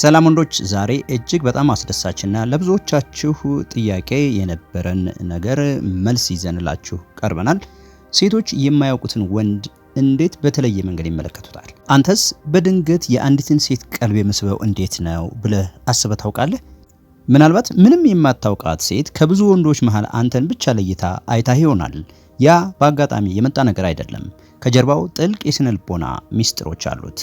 ሰላም ወንዶች፣ ዛሬ እጅግ በጣም አስደሳችና ለብዙዎቻችሁ ጥያቄ የነበረን ነገር መልስ ይዘንላችሁ ቀርበናል። ሴቶች የማያውቁትን ወንድ እንዴት በተለየ መንገድ ይመለከቱታል? አንተስ በድንገት የአንዲትን ሴት ቀልብ የምስበው እንዴት ነው ብለህ አስበህ ታውቃለህ? ምናልባት ምንም የማታውቃት ሴት ከብዙ ወንዶች መሃል አንተን ብቻ ለይታ አይታህ ይሆናል። ያ በአጋጣሚ የመጣ ነገር አይደለም። ከጀርባው ጥልቅ የስነ ልቦና ሚስጥሮች አሉት።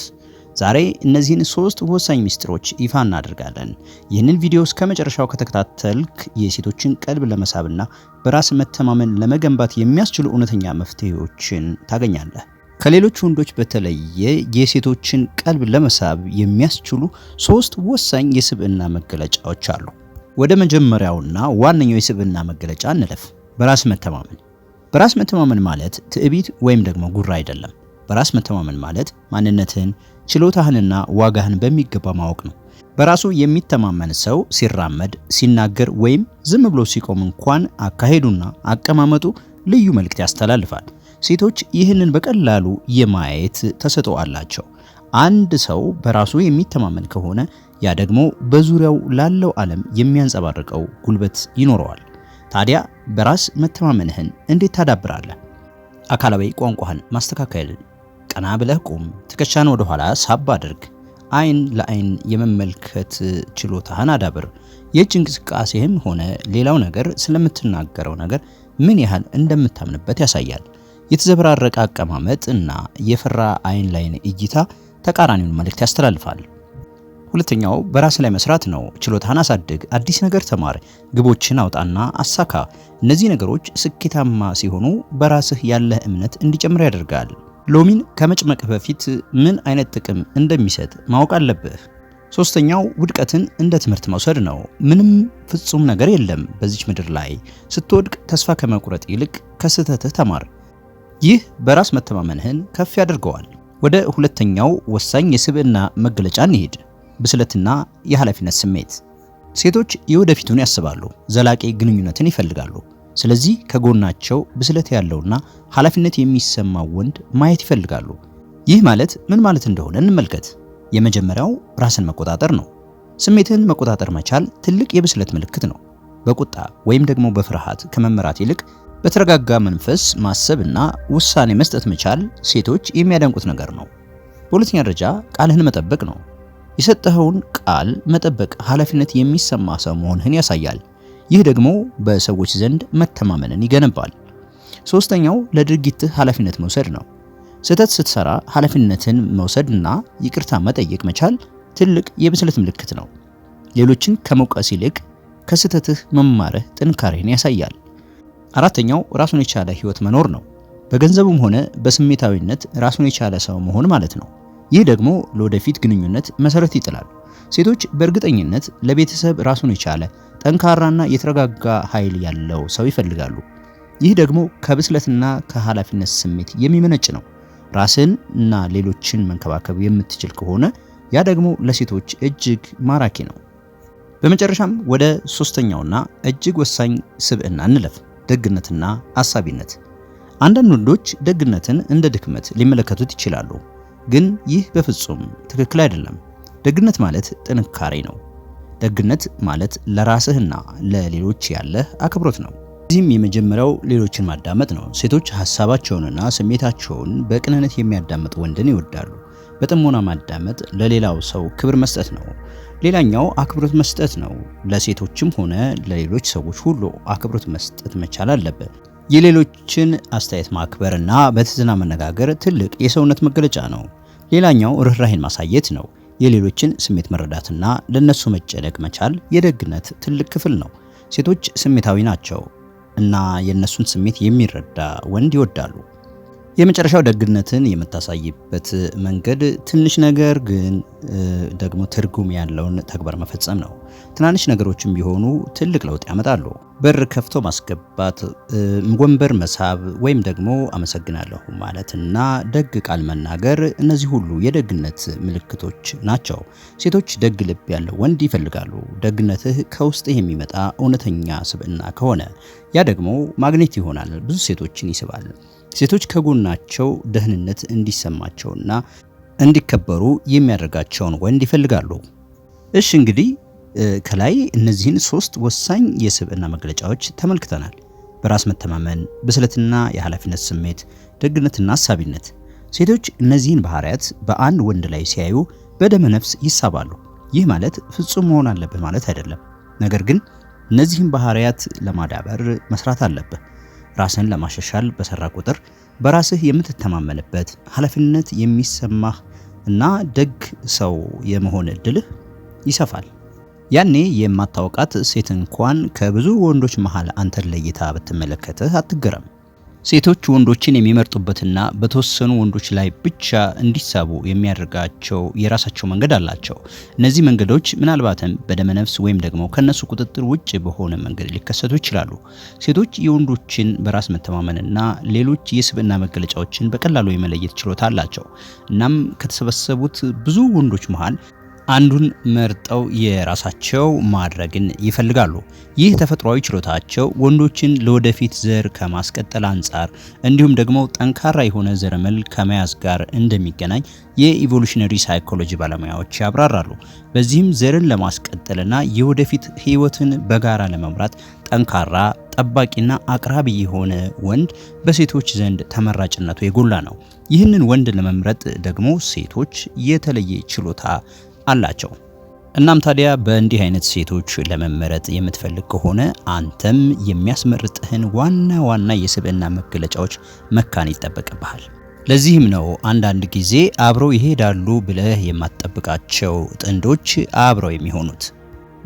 ዛሬ እነዚህን ሶስት ወሳኝ ሚስጥሮች ይፋ እናደርጋለን። ይህንን ቪዲዮ እስከ መጨረሻው ከተከታተልክ የሴቶችን ቀልብ ለመሳብና በራስ መተማመን ለመገንባት የሚያስችሉ እውነተኛ መፍትሄዎችን ታገኛለህ። ከሌሎች ወንዶች በተለየ የሴቶችን ቀልብ ለመሳብ የሚያስችሉ ሶስት ወሳኝ የስብዕና መገለጫዎች አሉ። ወደ መጀመሪያውና ዋነኛው የስብዕና መገለጫ እንለፍ፣ በራስ መተማመን። በራስ መተማመን ማለት ትዕቢት ወይም ደግሞ ጉራ አይደለም። በራስ መተማመን ማለት ማንነትህን ችሎታህንና ዋጋህን በሚገባ ማወቅ ነው። በራሱ የሚተማመን ሰው ሲራመድ፣ ሲናገር ወይም ዝም ብሎ ሲቆም እንኳን አካሄዱና አቀማመጡ ልዩ መልእክት ያስተላልፋል። ሴቶች ይህንን በቀላሉ የማየት ተሰጥኦ አላቸው። አንድ ሰው በራሱ የሚተማመን ከሆነ ያ ደግሞ በዙሪያው ላለው ዓለም የሚያንጸባርቀው ጉልበት ይኖረዋል። ታዲያ በራስ መተማመንህን እንዴት ታዳብራለህ? አካላዊ ቋንቋህን ማስተካከልን ቀና ብለህ ቁም፣ ትከሻን ወደ ኋላ ሳብ አድርግ፣ አይን ለአይን የመመልከት ችሎታህን አዳብር። የእጅ እንቅስቃሴህም ሆነ ሌላው ነገር ስለምትናገረው ነገር ምን ያህል እንደምታምንበት ያሳያል። የተዘበራረቀ አቀማመጥ እና የፈራ አይን ላይን እይታ ተቃራኒውን መልእክት ያስተላልፋል። ሁለተኛው በራስ ላይ መስራት ነው። ችሎታህን አሳድግ፣ አዲስ ነገር ተማር፣ ግቦችን አውጣና አሳካ። እነዚህ ነገሮች ስኬታማ ሲሆኑ በራስህ ያለህ እምነት እንዲጨምር ያደርጋል። ሎሚን ከመጭመቅ በፊት ምን አይነት ጥቅም እንደሚሰጥ ማወቅ አለብህ። ሶስተኛው ውድቀትን እንደ ትምህርት መውሰድ ነው። ምንም ፍጹም ነገር የለም በዚች ምድር ላይ። ስትወድቅ ተስፋ ከመቁረጥ ይልቅ ከስህተትህ ተማር። ይህ በራስ መተማመንህን ከፍ ያደርገዋል። ወደ ሁለተኛው ወሳኝ የስብዕና መገለጫ እንሂድ፣ ብስለትና የኃላፊነት ስሜት። ሴቶች የወደፊቱን ያስባሉ፣ ዘላቂ ግንኙነትን ይፈልጋሉ። ስለዚህ ከጎናቸው ብስለት ያለውና ኃላፊነት የሚሰማው ወንድ ማየት ይፈልጋሉ። ይህ ማለት ምን ማለት እንደሆነ እንመልከት። የመጀመሪያው ራስን መቆጣጠር ነው። ስሜትን መቆጣጠር መቻል ትልቅ የብስለት ምልክት ነው። በቁጣ ወይም ደግሞ በፍርሃት ከመመራት ይልቅ በተረጋጋ መንፈስ ማሰብና ውሳኔ መስጠት መቻል ሴቶች የሚያደንቁት ነገር ነው። በሁለተኛ ደረጃ ቃልህን መጠበቅ ነው። የሰጠኸውን ቃል መጠበቅ ኃላፊነት የሚሰማ ሰው መሆንህን ያሳያል። ይህ ደግሞ በሰዎች ዘንድ መተማመንን ይገነባል። ሶስተኛው ለድርጊትህ ኃላፊነት መውሰድ ነው። ስህተት ስትሰራ ኃላፊነትን መውሰድና ይቅርታ መጠየቅ መቻል ትልቅ የብስለት ምልክት ነው። ሌሎችን ከመውቀስ ይልቅ ከስህተትህ መማርህ ጥንካሬን ያሳያል። አራተኛው ራሱን የቻለ ህይወት መኖር ነው። በገንዘቡም ሆነ በስሜታዊነት ራሱን የቻለ ሰው መሆን ማለት ነው። ይህ ደግሞ ለወደፊት ግንኙነት መሰረት ይጥላል። ሴቶች በእርግጠኝነት ለቤተሰብ ራሱን የቻለ ጠንካራና የተረጋጋ ኃይል ያለው ሰው ይፈልጋሉ። ይህ ደግሞ ከብስለትና ከኃላፊነት ስሜት የሚመነጭ ነው። ራስን እና ሌሎችን መንከባከብ የምትችል ከሆነ ያ ደግሞ ለሴቶች እጅግ ማራኪ ነው። በመጨረሻም ወደ ሶስተኛውና እጅግ ወሳኝ ስብዕና እንለፍ፣ ደግነትና አሳቢነት። አንዳንድ ወንዶች ደግነትን እንደ ድክመት ሊመለከቱት ይችላሉ፣ ግን ይህ በፍጹም ትክክል አይደለም። ደግነት ማለት ጥንካሬ ነው። ደግነት ማለት ለራስህና ለሌሎች ያለህ አክብሮት ነው። እዚህም የመጀመሪያው ሌሎችን ማዳመጥ ነው። ሴቶች ሀሳባቸውንና ስሜታቸውን በቅንነት የሚያዳምጥ ወንድን ይወዳሉ። በጥሞና ማዳመጥ ለሌላው ሰው ክብር መስጠት ነው። ሌላኛው አክብሮት መስጠት ነው። ለሴቶችም ሆነ ለሌሎች ሰዎች ሁሉ አክብሮት መስጠት መቻል አለበት። የሌሎችን አስተያየት ማክበርና በትህትና መነጋገር ትልቅ የሰውነት መገለጫ ነው። ሌላኛው ርኅራሄን ማሳየት ነው። የሌሎችን ስሜት መረዳትና ለነሱ መጨነቅ መቻል የደግነት ትልቅ ክፍል ነው። ሴቶች ስሜታዊ ናቸው እና የነሱን ስሜት የሚረዳ ወንድ ይወዳሉ። የመጨረሻው ደግነትን የምታሳይበት መንገድ ትንሽ ነገር ግን ደግሞ ትርጉም ያለውን ተግባር መፈጸም ነው። ትናንሽ ነገሮችም ቢሆኑ ትልቅ ለውጥ ያመጣሉ። በር ከፍቶ ማስገባት፣ ወንበር መሳብ ወይም ደግሞ አመሰግናለሁ ማለትና ደግ ቃል መናገር እነዚህ ሁሉ የደግነት ምልክቶች ናቸው። ሴቶች ደግ ልብ ያለው ወንድ ይፈልጋሉ። ደግነትህ ከውስጥህ የሚመጣ እውነተኛ ስብዕና ከሆነ ያ ደግሞ ማግኔት ይሆናል፣ ብዙ ሴቶችን ይስባል። ሴቶች ከጎናቸው ደህንነት እንዲሰማቸውና እንዲከበሩ የሚያደርጋቸውን ወንድ ይፈልጋሉ። እሺ እንግዲህ ከላይ እነዚህን ሶስት ወሳኝ የስብዕና መግለጫዎች ተመልክተናል። በራስ መተማመን፣ ብስለትና የኃላፊነት ስሜት፣ ደግነትና አሳቢነት። ሴቶች እነዚህን ባህሪያት በአንድ ወንድ ላይ ሲያዩ በደመ ነፍስ ይሳባሉ። ይህ ማለት ፍጹም መሆን አለብህ ማለት አይደለም። ነገር ግን እነዚህን ባህሪያት ለማዳበር መስራት አለብህ። ራስን ለማሻሻል በሰራ ቁጥር በራስህ የምትተማመንበት ኃላፊነት የሚሰማህ እና ደግ ሰው የመሆን እድልህ ይሰፋል። ያኔ የማታውቃት ሴት እንኳን ከብዙ ወንዶች መሃል አንተን ለይታ ብትመለከትህ አትገረም። ሴቶች ወንዶችን የሚመርጡበትና በተወሰኑ ወንዶች ላይ ብቻ እንዲሳቡ የሚያደርጋቸው የራሳቸው መንገድ አላቸው። እነዚህ መንገዶች ምናልባትም በደመነፍስ ወይም ደግሞ ከነሱ ቁጥጥር ውጭ በሆነ መንገድ ሊከሰቱ ይችላሉ። ሴቶች የወንዶችን በራስ መተማመንና ሌሎች የስብዕና መገለጫዎችን በቀላሉ የመለየት ችሎታ አላቸው። እናም ከተሰበሰቡት ብዙ ወንዶች መሃል አንዱን መርጠው የራሳቸው ማድረግን ይፈልጋሉ። ይህ ተፈጥሯዊ ችሎታቸው ወንዶችን ለወደፊት ዘር ከማስቀጠል አንጻር እንዲሁም ደግሞ ጠንካራ የሆነ ዘረመል ከመያዝ ጋር እንደሚገናኝ የኢቮሉሽነሪ ሳይኮሎጂ ባለሙያዎች ያብራራሉ። በዚህም ዘርን ለማስቀጠልና የወደፊት ህይወትን በጋራ ለመምራት ጠንካራ ጠባቂና አቅራቢ የሆነ ወንድ በሴቶች ዘንድ ተመራጭነቱ የጎላ ነው። ይህንን ወንድ ለመምረጥ ደግሞ ሴቶች የተለየ ችሎታ አላቸው። እናም ታዲያ በእንዲህ አይነት ሴቶች ለመመረጥ የምትፈልግ ከሆነ አንተም የሚያስመርጥህን ዋና ዋና የስብዕና መገለጫዎች መካን ይጠበቅብሃል። ለዚህም ነው አንዳንድ ጊዜ አብረው ይሄዳሉ ብለህ የማትጠብቃቸው ጥንዶች አብረው የሚሆኑት።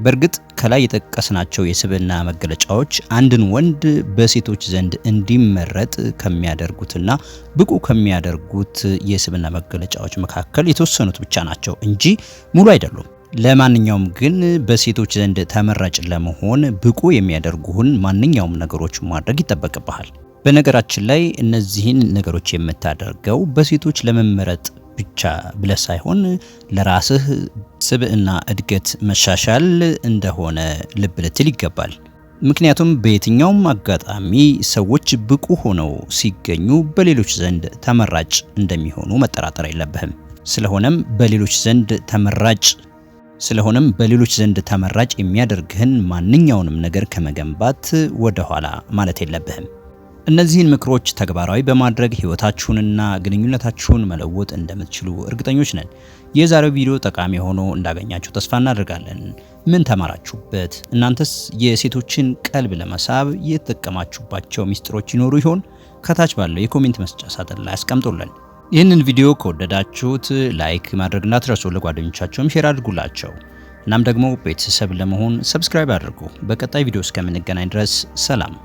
በእርግጥ ከላይ የጠቀስናቸው የስብዕና መገለጫዎች አንድን ወንድ በሴቶች ዘንድ እንዲመረጥ ከሚያደርጉትና ብቁ ከሚያደርጉት የስብዕና መገለጫዎች መካከል የተወሰኑት ብቻ ናቸው እንጂ ሙሉ አይደሉም። ለማንኛውም ግን በሴቶች ዘንድ ተመራጭ ለመሆን ብቁ የሚያደርጉህን ማንኛውም ነገሮች ማድረግ ይጠበቅብሃል። በነገራችን ላይ እነዚህን ነገሮች የምታደርገው በሴቶች ለመመረጥ ብቻ ብለህ ሳይሆን ለራስህ ስብዕና እድገት መሻሻል እንደሆነ ልብ ልትል ይገባል። ምክንያቱም በየትኛውም አጋጣሚ ሰዎች ብቁ ሆነው ሲገኙ በሌሎች ዘንድ ተመራጭ እንደሚሆኑ መጠራጠር የለብህም። ስለሆነም በሌሎች ዘንድ ተመራጭ ስለሆነም በሌሎች ዘንድ ተመራጭ የሚያደርግህን ማንኛውንም ነገር ከመገንባት ወደኋላ ማለት የለብህም። እነዚህን ምክሮች ተግባራዊ በማድረግ ህይወታችሁንና ግንኙነታችሁን መለወጥ እንደምትችሉ እርግጠኞች ነን። የዛሬው ቪዲዮ ጠቃሚ ሆኖ እንዳገኛችሁ ተስፋ እናደርጋለን። ምን ተማራችሁበት? እናንተስ የሴቶችን ቀልብ ለመሳብ የተጠቀማችሁባቸው ሚስጥሮች ይኖሩ ይሆን? ከታች ባለው የኮሜንት መስጫ ሳጥን ላይ አስቀምጡልን። ይህንን ቪዲዮ ከወደዳችሁት ላይክ ማድረግ እንዳትረሱ፣ ለጓደኞቻቸውም ሼር አድርጉላቸው። እናም ደግሞ ቤተሰብ ለመሆን ሰብስክራይብ አድርጉ። በቀጣይ ቪዲዮ እስከምንገናኝ ድረስ ሰላም።